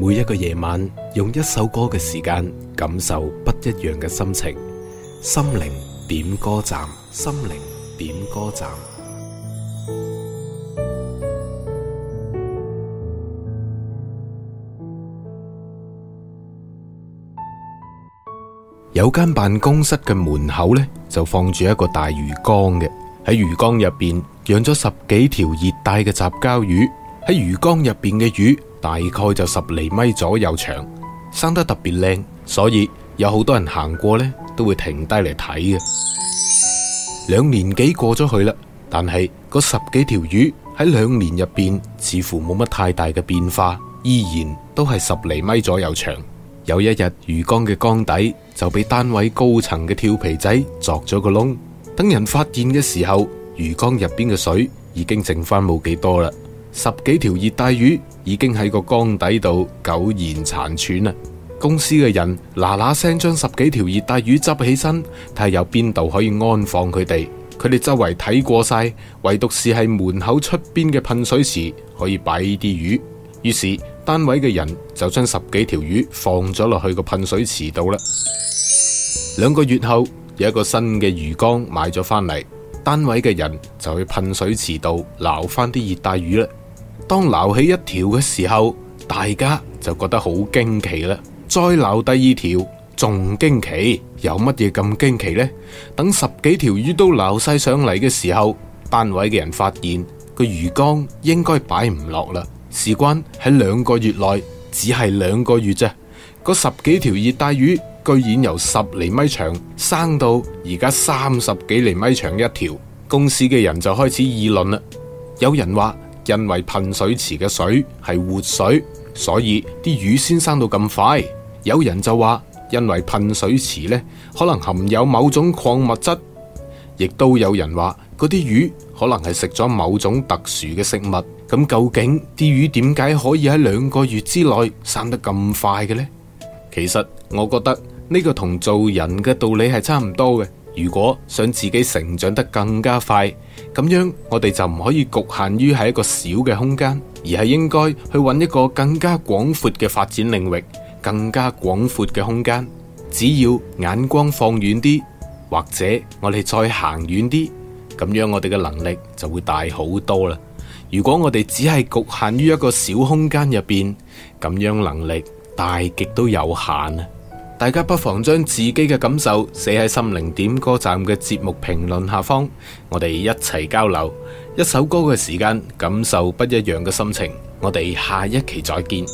每一個夜晚，用一首歌嘅時間，感受不一樣嘅心情。心靈點歌站，心靈點歌站。有間辦公室嘅門口呢，就放住一個大魚缸嘅。喺魚缸入邊，養咗十幾條熱帶嘅雜交魚。喺魚缸入邊嘅魚。大概就十厘米左右長，生得特別靚，所以有好多人行過呢都會停低嚟睇嘅。兩年幾過咗去啦，但係嗰十幾條魚喺兩年入邊似乎冇乜太大嘅變化，依然都係十厘米左右長。有一日，魚缸嘅缸底就俾單位高層嘅調皮仔鑿咗個窿，等人發現嘅時候，魚缸入邊嘅水已經剩翻冇幾多啦。十幾條熱帶魚已經喺個缸底度苟延殘喘啦。公司嘅人嗱嗱聲將十幾條熱帶魚執起身，睇下有邊度可以安放佢哋。佢哋周圍睇過晒，唯獨是係門口出邊嘅噴水池可以擺啲魚。於是單位嘅人就將十幾條魚放咗落去個噴水池度啦。兩個月後，有一個新嘅魚缸買咗翻嚟，單位嘅人就去噴水池度撈翻啲熱帶魚啦。當撈起一條嘅時候，大家就覺得好驚奇啦。再撈第二條，仲驚奇，有乜嘢咁驚奇呢？等十幾條魚都撈晒上嚟嘅時候，單位嘅人發現個魚缸應該擺唔落啦。事關喺兩個月內，只係兩個月啫。嗰十幾條熱帶魚，居然由十厘米長生到而家三十幾厘米長一條。公司嘅人就開始議論啦。有人話。因為噴水池嘅水係活水，所以啲魚先生到咁快。有人就話，因為噴水池呢，可能含有某種礦物質，亦都有人話嗰啲魚可能係食咗某種特殊嘅食物。咁究竟啲魚點解可以喺兩個月之內生得咁快嘅呢？其實我覺得呢，呢個同做人嘅道理係差唔多嘅。如果想自己成長得更加快，咁樣我哋就唔可以局限於係一個小嘅空間，而係應該去揾一個更加廣闊嘅發展領域，更加廣闊嘅空間。只要眼光放遠啲，或者我哋再行遠啲，咁樣我哋嘅能力就會大好多啦。如果我哋只係局限於一個小空間入邊，咁樣能力大極都有限啊。大家不妨將自己嘅感受寫喺心靈點歌站嘅節目評論下方，我哋一齊交流。一首歌嘅時間，感受不一樣嘅心情。我哋下一期再見。